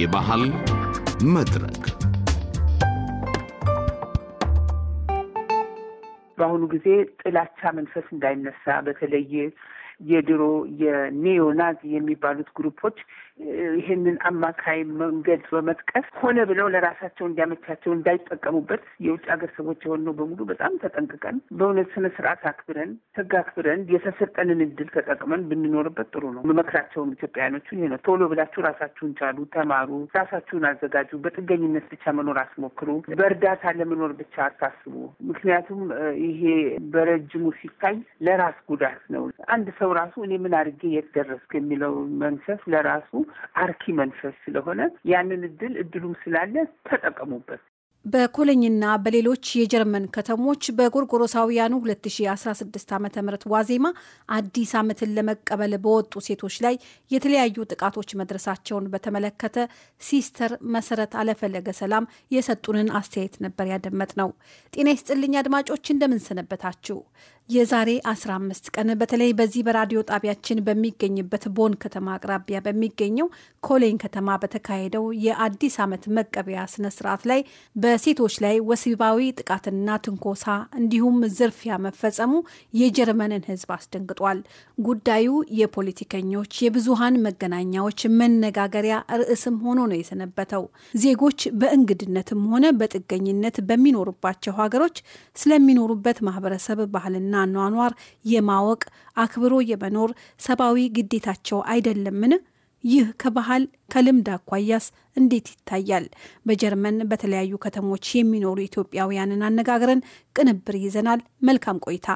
የባህል መድረክ በአሁኑ ጊዜ ጥላቻ መንፈስ እንዳይነሳ በተለይ የድሮ የኔዮናዚ የሚባሉት ግሩፖች ይህንን አማካይ መንገድ በመጥቀስ ሆነ ብለው ለራሳቸው እንዲያመቻቸው እንዳይጠቀሙበት የውጭ ሀገር ሰዎች የሆነው በሙሉ በጣም ተጠንቅቀን በእውነት ስነ ስርዓት አክብረን ህግ አክብረን የተሰጠንን እድል ተጠቅመን ብንኖርበት ጥሩ ነው። መመክራቸውም ኢትዮጵያውያኖቹን ነው። ቶሎ ብላችሁ ራሳችሁን ቻሉ፣ ተማሩ፣ ራሳችሁን አዘጋጁ። በጥገኝነት ብቻ መኖር አስሞክሩ። በእርዳታ ለመኖር ብቻ አታስቡ። ምክንያቱም ይሄ በረጅሙ ሲታይ ለራስ ጉዳት ነው። አንድ ሰው ራሱ እኔ ምን አድርጌ የት ደረስክ የሚለው መንሰፍ ለራሱ አርኪ መንፈስ ስለሆነ ያንን እድል እድሉም ስላለ ተጠቀሙበት። በኮሎኝና በሌሎች የጀርመን ከተሞች በጎርጎሮሳውያኑ 2016 ዓ ም ዋዜማ አዲስ ዓመትን ለመቀበል በወጡ ሴቶች ላይ የተለያዩ ጥቃቶች መድረሳቸውን በተመለከተ ሲስተር መሰረት አለፈለገ ሰላም የሰጡንን አስተያየት ነበር ያደመጥ ነው። ጤና ይስጥልኝ አድማጮች፣ እንደምንሰነበታችሁ። የዛሬ 15 ቀን በተለይ በዚህ በራዲዮ ጣቢያችን በሚገኝበት ቦን ከተማ አቅራቢያ በሚገኘው ኮሌን ከተማ በተካሄደው የአዲስ ዓመት መቀበያ ስነስርዓት ላይ በሴቶች ላይ ወሲባዊ ጥቃትና ትንኮሳ እንዲሁም ዝርፊያ መፈጸሙ የጀርመንን ሕዝብ አስደንግጧል። ጉዳዩ የፖለቲከኞች፣ የብዙሃን መገናኛዎች መነጋገሪያ ርዕስም ሆኖ ነው የሰነበተው። ዜጎች በእንግድነትም ሆነ በጥገኝነት በሚኖሩባቸው ሀገሮች ስለሚኖሩበት ማህበረሰብ ባህልና ኗኗር የማወቅ አክብሮ የመኖር ሰብአዊ ግዴታቸው አይደለምን? ይህ ከባህል ከልምድ አኳያስ እንዴት ይታያል? በጀርመን በተለያዩ ከተሞች የሚኖሩ ኢትዮጵያውያንን አነጋግረን ቅንብር ይዘናል። መልካም ቆይታ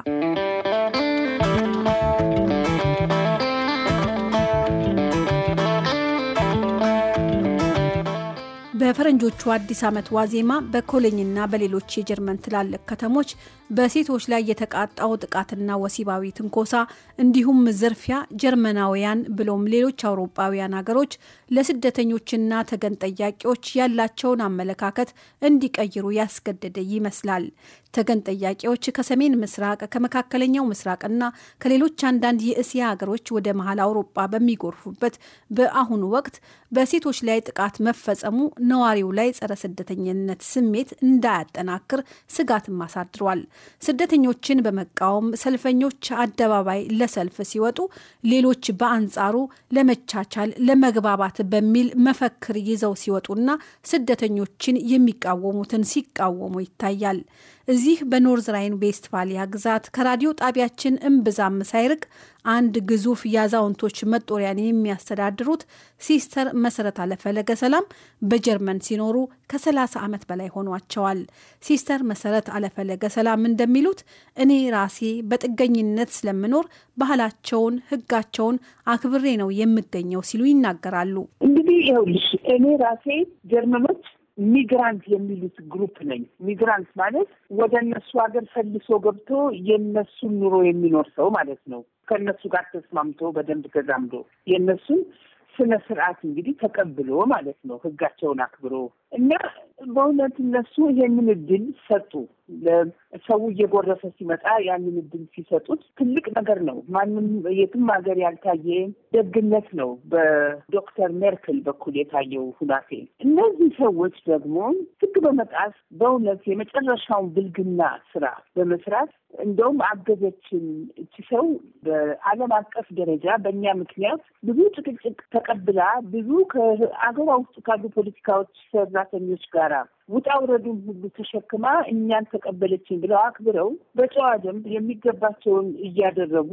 በፈረንጆቹ አዲስ ዓመት ዋዜማ በኮሎኝና በሌሎች የጀርመን ትላልቅ ከተሞች በሴቶች ላይ የተቃጣው ጥቃትና ወሲባዊ ትንኮሳ እንዲሁም ዝርፊያ ጀርመናውያን ብሎም ሌሎች አውሮፓውያን ሀገሮች ለስደተኞችና ተገን ጠያቂዎች ያላቸውን አመለካከት እንዲቀይሩ ያስገደደ ይመስላል። ተገን ጠያቂዎች ከሰሜን ምስራቅ ከመካከለኛው ምስራቅና ከሌሎች አንዳንድ የእስያ ሀገሮች ወደ መሀል አውሮጳ በሚጎርፉበት በአሁኑ ወቅት በሴቶች ላይ ጥቃት መፈጸሙ ነዋሪው ላይ ጸረ ስደተኝነት ስሜት እንዳያጠናክር ስጋትም አሳድሯል። ስደተኞችን በመቃወም ሰልፈኞች አደባባይ ለሰልፍ ሲወጡ፣ ሌሎች በአንጻሩ ለመቻቻል ለመግባባት በሚል መፈክር ይዘው ሲወጡና ስደተኞችን የሚቃወሙትን ሲቃወሙ ይታያል። እዚህ በኖርዝ ራይን ቬስትፋሊያ ግዛት ከራዲዮ ጣቢያችን እምብዛም ሳይርቅ አንድ ግዙፍ የአዛውንቶች መጦሪያን የሚያስተዳድሩት ሲስተር መሰረት አለፈለገ ሰላም በጀርመን ሲኖሩ ከ30 ዓመት በላይ ሆኗቸዋል። ሲስተር መሰረት አለፈለገ ሰላም እንደሚሉት እኔ ራሴ በጥገኝነት ስለምኖር ባህላቸውን፣ ሕጋቸውን አክብሬ ነው የምገኘው ሲሉ ይናገራሉ። እንግዲህ ይኸውልሽ እኔ ራሴ ጀርመኖች ሚግራንት የሚሉት ግሩፕ ነኝ። ሚግራንት ማለት ወደ እነሱ ሀገር ፈልሶ ገብቶ የእነሱን ኑሮ የሚኖር ሰው ማለት ነው። ከእነሱ ጋር ተስማምቶ በደንብ ተዛምዶ የእነሱን ስነ ስርዓት እንግዲህ ተቀብሎ ማለት ነው። ህጋቸውን አክብሮ እና በእውነት እነሱ ይሄንን እድል ሰጡ። ሰው እየጎረሰ ሲመጣ ያንን እድል ሲሰጡት ትልቅ ነገር ነው። ማንም የትም ሀገር ያልታየ ደግነት ነው በዶክተር ሜርክል በኩል የታየው ሁናቴ። እነዚህ ሰዎች ደግሞ ሕግ በመጣስ በእውነት የመጨረሻውን ብልግና ስራ በመስራት እንደውም አገዘችን እቺ ሰው በዓለም አቀፍ ደረጃ በእኛ ምክንያት ብዙ ጭቅጭቅ ተቀብላ ብዙ ከአገሯ ውስጥ ካሉ ፖለቲካዎች ሰራ ሰራተኞች ጋር ውጣ ውረዱን ሁሉ ተሸክማ እኛን ተቀበለችን ብለው አክብረው በጨዋ ደንብ የሚገባቸውን እያደረጉ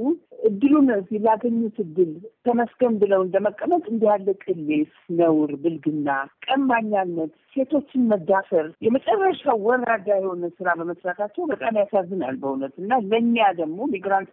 እድሉን ላገኙት እድል ተመስገን ብለው እንደመቀመጥ እንዲህ ያለ ቅሌት፣ ነውር፣ ብልግና፣ ቀማኛነት፣ ሴቶችን መዳፈር የመጨረሻ ወራዳ የሆነ ስራ በመስራታቸው በጣም ያሳዝናል በእውነት እና ለእኛ ደግሞ ሚግራንት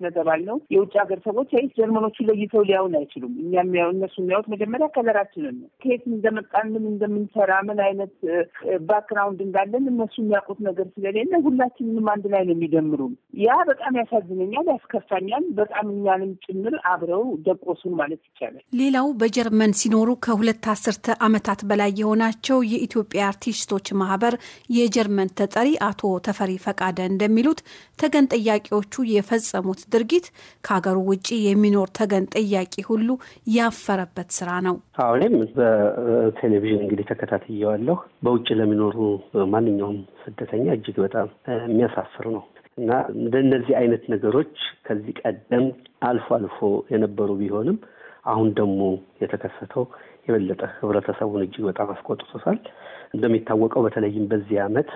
ነው የውጭ ሀገር ሰዎች ይ ጀርመኖቹ ለይተው ሊያውን አይችሉም። እኛ እነሱ የሚያዩት መጀመሪያ ከለራችንን ነው። ከየት እንደመጣን ምን እንደምንሰራ ምን አይነት አይነት ባክግራውንድ እንዳለን እነሱ የሚያውቁት ነገር ስለሌለ ሁላችንንም አንድ ላይ ነው የሚደምሩን። ያ በጣም ያሳዝነኛል፣ ያስከፋኛል። በጣም እኛንም ጭምር አብረው ደቆሱን ማለት ይቻላል። ሌላው በጀርመን ሲኖሩ ከሁለት አስርተ ዓመታት በላይ የሆናቸው የኢትዮጵያ አርቲስቶች ማህበር የጀርመን ተጠሪ አቶ ተፈሪ ፈቃደ እንደሚሉት ተገን ጠያቂዎቹ የፈጸሙት ድርጊት ከሀገሩ ውጭ የሚኖር ተገን ጠያቂ ሁሉ ያፈረበት ስራ ነው። አሁንም በቴሌቪዥን እንግዲህ ተከታትየዋለሁ። በውጭ ለሚኖሩ ማንኛውም ስደተኛ እጅግ በጣም የሚያሳፍር ነው እና እንደነዚህ አይነት ነገሮች ከዚህ ቀደም አልፎ አልፎ የነበሩ ቢሆንም አሁን ደግሞ የተከሰተው የበለጠ ህብረተሰቡን እጅግ በጣም አስቆጥቶታል። እንደሚታወቀው በተለይም በዚህ አመት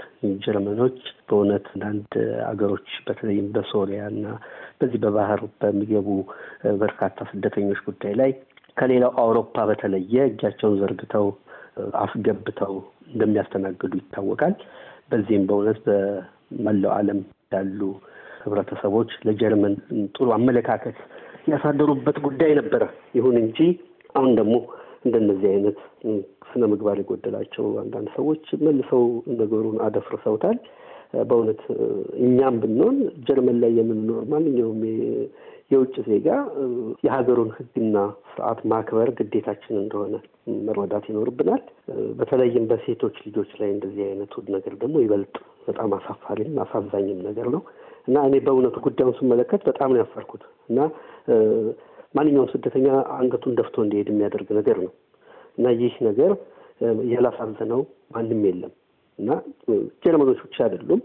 ጀርመኖች በእውነት አንዳንድ አገሮች በተለይም በሶሪያ እና በዚህ በባህር በሚገቡ በርካታ ስደተኞች ጉዳይ ላይ ከሌላው አውሮፓ በተለየ እጃቸውን ዘርግተው አስገብተው እንደሚያስተናግዱ ይታወቃል። በዚህም በእውነት በመላው ዓለም ያሉ ህብረተሰቦች ለጀርመን ጥሩ አመለካከት ያሳደሩበት ጉዳይ ነበረ። ይሁን እንጂ አሁን ደግሞ እንደነዚህ አይነት ስነ ምግባር የጎደላቸው አንዳንድ ሰዎች መልሰው ነገሩን አደፍርሰውታል። በእውነት እኛም ብንሆን ጀርመን ላይ የምንኖር ማንኛውም የውጭ ዜጋ የሀገሩን ሕግና ስርዓት ማክበር ግዴታችን እንደሆነ መረዳት ይኖርብናል። በተለይም በሴቶች ልጆች ላይ እንደዚህ አይነቱ ነገር ደግሞ ይበልጥ በጣም አሳፋሪም አሳዛኝም ነገር ነው እና እኔ በእውነቱ ጉዳዩን ስመለከት በጣም ነው ያፈርኩት እና ማንኛውም ስደተኛ አንገቱን ደፍቶ እንዲሄድ የሚያደርግ ነገር ነው እና ይህ ነገር ያላሳዘነው ማንም የለም እና ጀርመኖች ብቻ አይደሉም።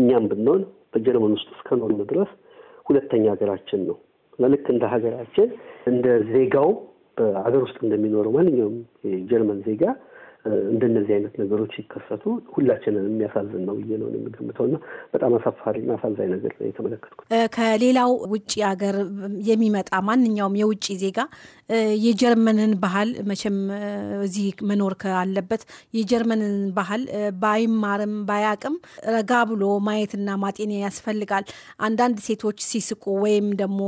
እኛም ብንሆን በጀርመን ውስጥ እስከኖርን ድረስ ሁለተኛ ሀገራችን ነው። ልክ እንደ ሀገራችን እንደ ዜጋው በሀገር ውስጥ እንደሚኖረው ማንኛውም የጀርመን ዜጋ እንደነዚህ አይነት ነገሮች ሲከሰቱ ሁላችንን የሚያሳዝን ነው ብዬ ነው የሚገምተው እና በጣም አሳፋሪና አሳዛኝ ነገር ነው የተመለከትኩት። ከሌላው ውጭ ሀገር የሚመጣ ማንኛውም የውጭ ዜጋ የጀርመንን ባህል መቼም እዚህ መኖር ካለበት የጀርመንን ባህል ባይማርም ባያቅም ረጋ ብሎ ማየትና ማጤን ያስፈልጋል። አንዳንድ ሴቶች ሲስቁ ወይም ደግሞ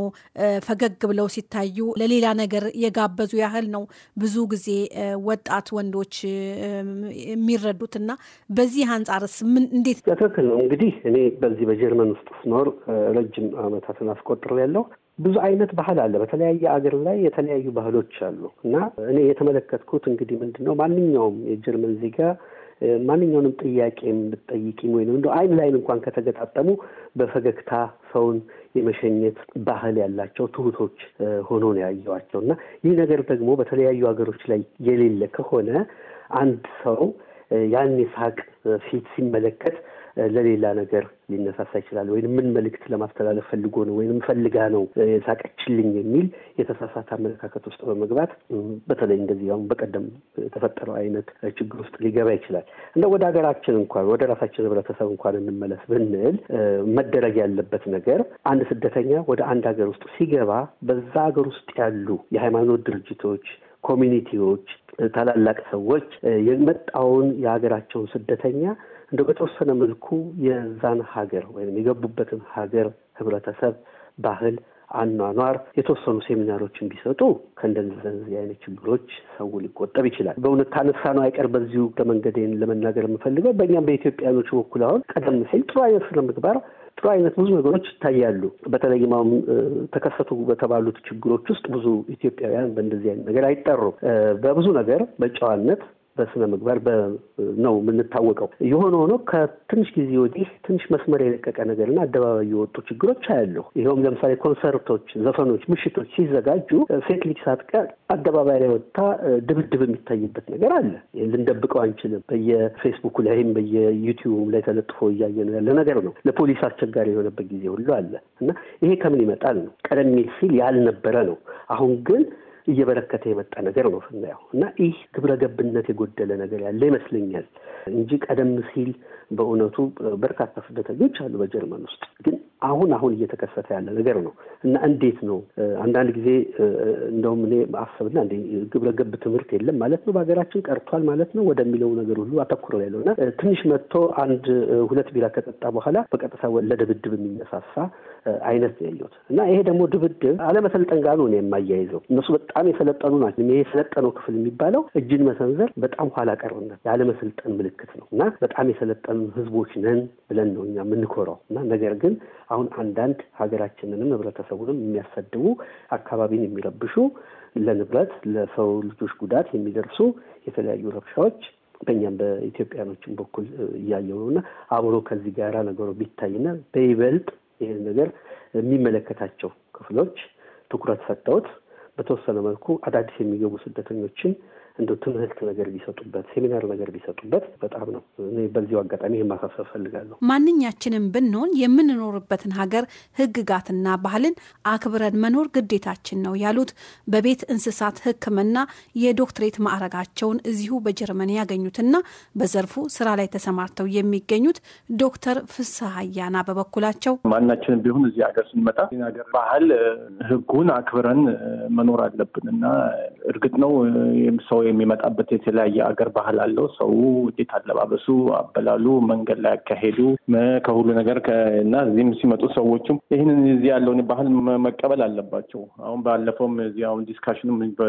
ፈገግ ብለው ሲታዩ ለሌላ ነገር የጋበዙ ያህል ነው ብዙ ጊዜ ወጣት ወንዶች የሚረዱት እና በዚህ አንጻርስ ምን እንዴት? ትክክል ነው። እንግዲህ እኔ በዚህ በጀርመን ውስጥ ስኖር ረጅም ዓመታትን አስቆጥሬያለሁ። ብዙ አይነት ባህል አለ። በተለያየ አገር ላይ የተለያዩ ባህሎች አሉ እና እኔ የተመለከትኩት እንግዲህ ምንድን ነው ማንኛውም የጀርመን ዜጋ ማንኛውንም ጥያቄ የምትጠይቂም ወይም እንደ አይን ላይን እንኳን ከተገጣጠሙ በፈገግታ ሰውን የመሸኘት ባህል ያላቸው ትሁቶች ሆኖ ነው ያየዋቸው እና ይህ ነገር ደግሞ በተለያዩ ሀገሮች ላይ የሌለ ከሆነ አንድ ሰው ያን የሳቅ ፊት ሲመለከት ለሌላ ነገር ሊነሳሳ ይችላል። ወይም ምን መልእክት ለማስተላለፍ ፈልጎ ነው ወይም ፈልጋ ነው የሳቀችልኝ የሚል የተሳሳተ አመለካከት ውስጥ በመግባት በተለይ እንደዚህ አሁን በቀደም የተፈጠረው አይነት ችግር ውስጥ ሊገባ ይችላል። እንደ ወደ ሀገራችን እንኳን ወደ ራሳችን ህብረተሰብ እንኳን እንመለስ ብንል መደረግ ያለበት ነገር አንድ ስደተኛ ወደ አንድ ሀገር ውስጥ ሲገባ በዛ ሀገር ውስጥ ያሉ የሃይማኖት ድርጅቶች፣ ኮሚኒቲዎች፣ ታላላቅ ሰዎች የመጣውን የሀገራቸውን ስደተኛ እንደ በተወሰነ መልኩ የዛን ሀገር ወይም የገቡበትን ሀገር ህብረተሰብ፣ ባህል፣ አኗኗር የተወሰኑ ሴሚናሮችን ቢሰጡ ከእንደዚህ አይነት ችግሮች ሰው ሊቆጠብ ይችላል። በእውነት ካነሳ ነው አይቀር በዚሁ ለመንገዴን ለመናገር የምፈልገው በእኛም በኢትዮጵያኖች በኩል አሁን ቀደም ሲል ጥሩ አይነት ስነ ምግባር ጥሩ አይነት ብዙ ነገሮች ይታያሉ። በተለይም አሁን ተከሰቱ በተባሉት ችግሮች ውስጥ ብዙ ኢትዮጵያውያን በእንደዚህ አይነት ነገር አይጠሩም። በብዙ ነገር በጨዋነት በስነ ምግባር ነው የምንታወቀው። የሆነ ሆኖ ከትንሽ ጊዜ ወዲህ ትንሽ መስመር የለቀቀ ነገርና አደባባይ የወጡ ችግሮች አያለሁ። ይኸውም ለምሳሌ ኮንሰርቶች፣ ዘፈኖች፣ ምሽቶች ሲዘጋጁ ሴት ልጅ ሳትቀር አደባባይ ላይ ወጥታ ድብድብ የሚታይበት ነገር አለ። ልንደብቀው አንችልም። በየፌስቡኩ ላይም በየዩቲዩብ ላይ ተለጥፎ እያየ ነው ያለ ነገር ነው። ለፖሊስ አስቸጋሪ የሆነበት ጊዜ ሁሉ አለ እና ይሄ ከምን ይመጣል ነው? ቀደም ሲል ያልነበረ ነው። አሁን ግን እየበረከተ የመጣ ነገር ነው ስናየው እና ይህ ግብረ ገብነት የጎደለ ነገር ያለ ይመስለኛል እንጂ ቀደም ሲል በእውነቱ በርካታ ስደተኞች አሉ በጀርመን ውስጥ ግን አሁን አሁን እየተከሰተ ያለ ነገር ነው እና እንዴት ነው አንዳንድ ጊዜ እንደውም እኔ አሰብና እንደ ግብረ ገብ ትምህርት የለም ማለት ነው በሀገራችን ቀርቷል ማለት ነው ወደሚለው ነገር ሁሉ አተኩረ ነው እና ትንሽ መጥቶ አንድ ሁለት ቢራ ከጠጣ በኋላ በቀጥታ ለድብድብ የሚነሳሳ አይነት ነው ያየሁት እና ይሄ ደግሞ ድብድብ አለመሰልጠን ጋር ነው የማያይዘው። እነሱ በጣም የሰለጠኑ ናቸው። ይሄ የሰለጠነው ክፍል የሚባለው እጅን መሰንዘር በጣም ኋላ ቀርነት የአለመሰልጠን ምልክት ነው እና በጣም የሰለጠኑ ህዝቦች ነን ብለን ነው እኛ የምንኮራው እና ነገር ግን አሁን አንዳንድ ሀገራችንንም ህብረተሰቡንም የሚያሰድቡ አካባቢን የሚረብሹ ለንብረት ለሰው ልጆች ጉዳት የሚደርሱ የተለያዩ ረብሻዎች በእኛም በኢትዮጵያኖችን በኩል እያየው ነው እና አብሮ ከዚህ ጋር ነገሩ ቢታይና በይበልጥ ይህን ነገር የሚመለከታቸው ክፍሎች ትኩረት ሰጠውት በተወሰነ መልኩ አዳዲስ የሚገቡ ስደተኞችን እንደ ትምህርት ነገር ቢሰጡበት፣ ሴሚናር ነገር ቢሰጡበት በጣም ነው። በዚሁ አጋጣሚ ማሳሰብ ፈልጋለሁ። ማንኛችንም ብንሆን የምንኖርበትን ሀገር ሕግጋትና ባህልን አክብረን መኖር ግዴታችን ነው ያሉት በቤት እንስሳት ሕክምና የዶክትሬት ማዕረጋቸውን እዚሁ በጀርመን ያገኙትና በዘርፉ ስራ ላይ ተሰማርተው የሚገኙት ዶክተር ፍስሐ አያና በበኩላቸው ማናችንም ቢሆን እዚህ ሀገር ስንመጣ ሀገር ባህል ሕጉን አክብረን መኖር አለብን እና እርግጥ ነው ሰው የሚመጣበት የተለያየ አገር ባህል አለው። ሰው እንዴት አለባበሱ፣ አበላሉ፣ መንገድ ላይ ያካሄዱ ከሁሉ ነገር እና እዚህም ሲመጡ ሰዎቹም ይህንን እዚህ ያለውን ባህል መቀበል አለባቸው። አሁን ባለፈውም እዚህ አሁን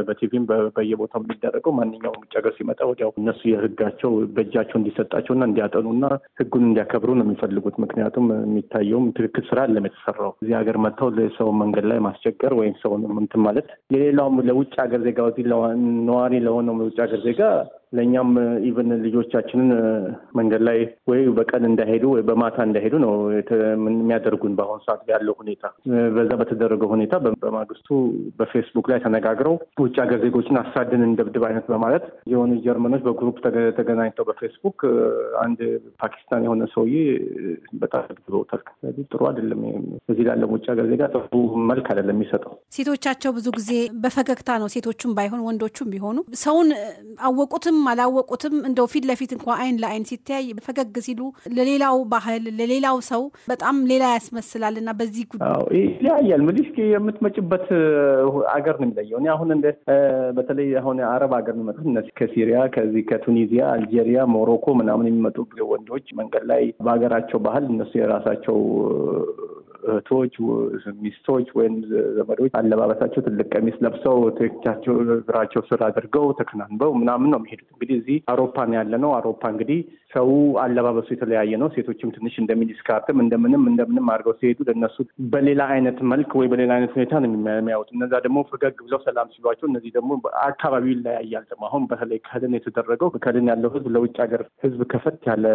በቲቪም በየቦታው የሚደረገው ማንኛውም ውጭ ሀገር ሲመጣ ወዲያው እነሱ የህጋቸው በእጃቸው እንዲሰጣቸውና እና ህጉን እንዲያከብሩ ነው የሚፈልጉት። ምክንያቱም የሚታየውም ትክክል ስራ አለም የተሰራው እዚህ ሀገር መጥተው ለሰው መንገድ ላይ ማስቸገር ወይም ሰው እንትን ማለት የሌላውም ለውጭ ሀገር ዜጋ ነዋሪ ለሆነ ನಮ್ಮನ್ನು ಜಾಗೃತಿಗೆ ለእኛም ኢቨን ልጆቻችንን መንገድ ላይ ወይ በቀን እንዳይሄዱ ወይ በማታ እንዳይሄዱ ነው የሚያደርጉን። በአሁኑ ሰዓት ያለው ሁኔታ በዛ በተደረገው ሁኔታ በማግስቱ በፌስቡክ ላይ ተነጋግረው ውጭ ሀገር ዜጎችን አሳድን እንደብድብ አይነት በማለት የሆኑ ጀርመኖች በግሩፕ ተገናኝተው በፌስቡክ አንድ ፓኪስታን የሆነ ሰውዬ በጣም ደብድበውታል። ስለዚህ ጥሩ አይደለም። እዚህ ላለም ውጭ ሀገር ዜጋ ጥሩ መልክ አይደለም የሚሰጠው። ሴቶቻቸው ብዙ ጊዜ በፈገግታ ነው ሴቶቹም ባይሆን ወንዶቹም ቢሆኑ ሰውን አወቁትም አወቁትም አላወቁትም እንደው ፊት ለፊት እንኳ አይን ለአይን ሲተያይ ፈገግ ሲሉ ለሌላው ባህል ለሌላው ሰው በጣም ሌላ ያስመስላል እና በዚህ ጉዳይ ይለያያል። እንግዲህ የምትመጭበት አገር ነው የሚለየው። እኔ አሁን እንደ በተለይ አሁን አረብ ሀገር የሚመጡት እነዚህ ከሲሪያ ከዚህ ከቱኒዚያ፣ አልጄሪያ፣ ሞሮኮ ምናምን የሚመጡ ወንዶች መንገድ ላይ በሀገራቸው ባህል እነሱ የራሳቸው እህቶች፣ ሚስቶች ወይም ዘመዶች አለባበሳቸው ትልቅ ቀሚስ ለብሰው ትክቻቸው እግራቸው ስር አድርገው ተከናንበው ምናምን ነው የሚሄዱት። እንግዲህ እዚህ አውሮፓን ያለ ነው። አውሮፓ እንግዲህ ሰው አለባበሱ የተለያየ ነው። ሴቶችም ትንሽ እንደሚዲስካርትም እንደምንም እንደምንም አድርገው ሲሄዱ ለእነሱ በሌላ አይነት መልክ ወይ በሌላ አይነት ሁኔታ ነው የሚያዩት። እነዛ ደግሞ ፈገግ ብለው ሰላም ሲሏቸው፣ እነዚህ ደግሞ አካባቢው ይለያያል። ደግሞ አሁን በተለይ ከልን የተደረገው ከልን ያለው ህዝብ ለውጭ ሀገር ህዝብ ከፈት ያለ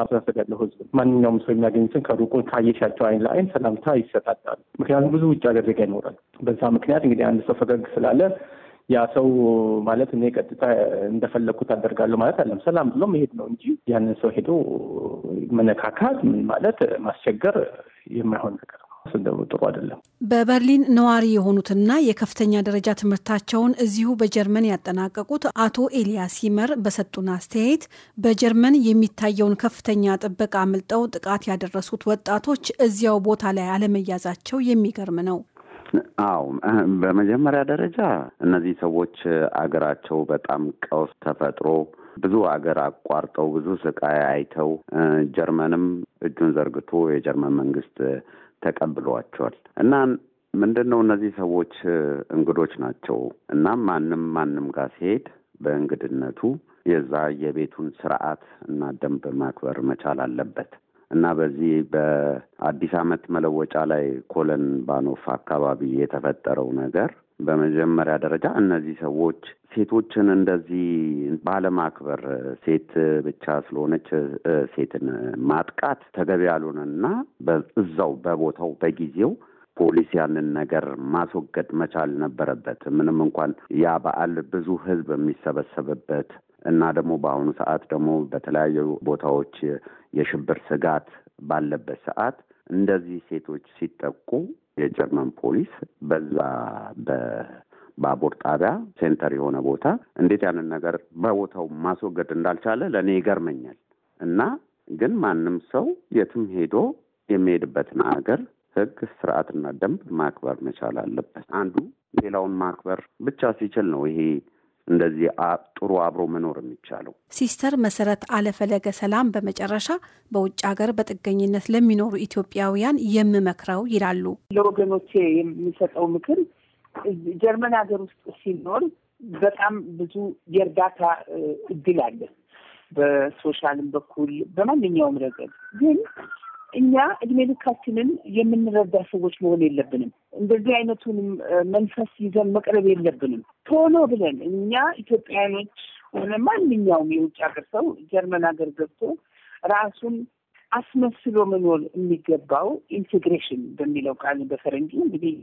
አስተሳሰብ ያለው ህዝብ ማንኛውም ሰው የሚያገኙትን ከሩቁ ካየሻቸው አይን ለአይን ሰላም ሰላምታ ይሰጣጣል። ምክንያቱም ብዙ ውጭ ሀገር ዜጋ ይኖራል። በዛ ምክንያት እንግዲህ አንድ ሰው ፈገግ ስላለ ያ ሰው ማለት እኔ ቀጥታ እንደፈለግኩት አደርጋለሁ ማለት አለም። ሰላም ብሎ መሄድ ነው እንጂ ያንን ሰው ሄዶ መነካካት፣ ምን ማለት ማስቸገር የማይሆን ነገር ነው። እሱን ደግሞ ጥሩ አይደለም። በበርሊን ነዋሪ የሆኑትና የከፍተኛ ደረጃ ትምህርታቸውን እዚሁ በጀርመን ያጠናቀቁት አቶ ኤልያስ ሲመር በሰጡን አስተያየት በጀርመን የሚታየውን ከፍተኛ ጥበቃ አምልጠው ጥቃት ያደረሱት ወጣቶች እዚያው ቦታ ላይ አለመያዛቸው የሚገርም ነው። አዎ በመጀመሪያ ደረጃ እነዚህ ሰዎች አገራቸው በጣም ቀውስ ተፈጥሮ ብዙ አገር አቋርጠው ብዙ ስቃይ አይተው ጀርመንም እጁን ዘርግቶ የጀርመን መንግስት ተቀብሏቸዋል እና ምንድን ነው እነዚህ ሰዎች እንግዶች ናቸው። እናም ማንም ማንም ጋር ሲሄድ በእንግድነቱ የዛ የቤቱን ስርዓት እና ደንብ ማክበር መቻል አለበት እና በዚህ በአዲስ ዓመት መለወጫ ላይ ኮለን ባኖፍ አካባቢ የተፈጠረው ነገር በመጀመሪያ ደረጃ እነዚህ ሰዎች ሴቶችን እንደዚህ ባለማክበር ሴት ብቻ ስለሆነች ሴትን ማጥቃት ተገቢ ያልሆነና እዛው በቦታው በጊዜው ፖሊስ ያንን ነገር ማስወገድ መቻል ነበረበት። ምንም እንኳን ያ በዓል ብዙ ህዝብ የሚሰበሰብበት እና ደግሞ በአሁኑ ሰዓት ደግሞ በተለያዩ ቦታዎች የሽብር ስጋት ባለበት ሰዓት እንደዚህ ሴቶች ሲጠቁ የጀርመን ፖሊስ በዛ ባቡር ጣቢያ ሴንተር የሆነ ቦታ እንዴት ያንን ነገር በቦታው ማስወገድ እንዳልቻለ ለእኔ ይገርመኛል። እና ግን ማንም ሰው የትም ሄዶ የሚሄድበትን ሀገር ህግ ስርዓትና ደንብ ማክበር መቻል አለበት። አንዱ ሌላውን ማክበር ብቻ ሲችል ነው ይሄ እንደዚህ ጥሩ አብሮ መኖር የሚቻለው። ሲስተር መሰረት አለፈለገ ሰላም በመጨረሻ በውጭ ሀገር በጥገኝነት ለሚኖሩ ኢትዮጵያውያን የምመክረው ይላሉ። ለወገኖቼ የሚሰጠው ምክር ጀርመን ሀገር ውስጥ ሲኖር በጣም ብዙ የእርዳታ እድል አለ፣ በሶሻልም በኩል በማንኛውም ረገድ። ግን እኛ እድሜ ልካችንን የምንረዳ ሰዎች መሆን የለብንም። እንደዚህ አይነቱንም መንፈስ ይዘን መቅረብ የለብንም። ቶሎ ብለን እኛ ኢትዮጵያውያኖች ሆነ ማንኛውም የውጭ ሀገር ሰው ጀርመን ሀገር ገብቶ ራሱን አስመስሎ መኖር የሚገባው ኢንቴግሬሽን በሚለው ቃል በፈረንጂ እንግዲህ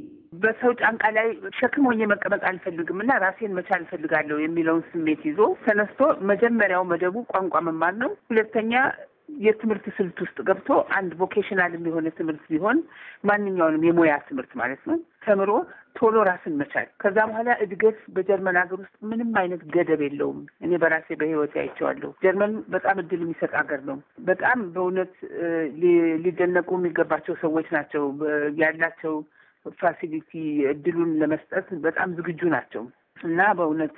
በሰው ጫንቃ ላይ ሸክም ሆኜ መቀመጥ አልፈልግም እና ራሴን መቻል እፈልጋለሁ የሚለውን ስሜት ይዞ ተነስቶ መጀመሪያው መደቡ ቋንቋ መማር ነው። ሁለተኛ የትምህርት ስልት ውስጥ ገብቶ አንድ ቮኬሽናል የሆነ ትምህርት ቢሆን ማንኛውንም የሙያ ትምህርት ማለት ነው ተምሮ ቶሎ ራስን መቻል። ከዛ በኋላ እድገት በጀርመን ሀገር ውስጥ ምንም አይነት ገደብ የለውም። እኔ በራሴ በህይወት አይቼዋለሁ። ጀርመን በጣም እድል የሚሰጥ ሀገር ነው። በጣም በእውነት ሊደነቁ የሚገባቸው ሰዎች ናቸው። ያላቸው ፋሲሊቲ እድሉን ለመስጠት በጣም ዝግጁ ናቸው። እና በእውነት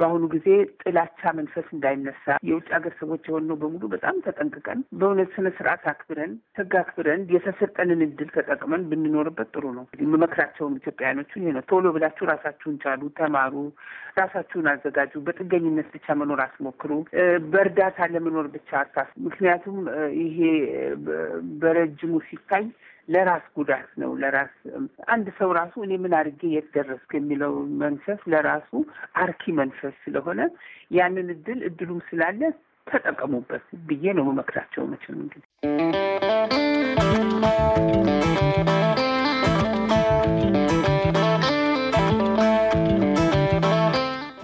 በአሁኑ ጊዜ ጥላቻ መንፈስ እንዳይነሳ የውጭ ሀገር ሰዎች የሆነው በሙሉ በጣም ተጠንቅቀን በእውነት ስነ ስርዓት አክብረን ህግ አክብረን የተሰጠንን እድል ተጠቅመን ብንኖርበት ጥሩ ነው። መመክራቸውም ኢትዮጵያውያኖቹን ይህ ነው። ቶሎ ብላችሁ ራሳችሁን ቻሉ፣ ተማሩ፣ ራሳችሁን አዘጋጁ። በጥገኝነት ብቻ መኖር አስሞክሩ በእርዳታ ለመኖር ብቻ አታስ ምክንያቱም ይሄ በረጅሙ ሲታይ ለራስ ጉዳት ነው። ለራስ አንድ ሰው ራሱ እኔ ምን አድርጌ የት ደረስክ የሚለው መንፈስ ለራሱ አርኪ መንፈስ ስለሆነ ያንን እድል እድሉም ስላለ ተጠቀሙበት ብዬ ነው መመክራቸው። መቼም እንግዲህ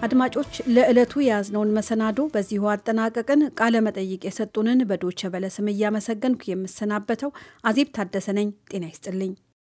አድማጮች ለዕለቱ የያዝነውን መሰናዶ በዚሁ አጠናቀቅን። ቃለ መጠይቅ የሰጡንን በዶቸ በለስም እያመሰገንኩ የምሰናበተው አዜብ ታደሰ ነኝ። ጤና ይስጥልኝ።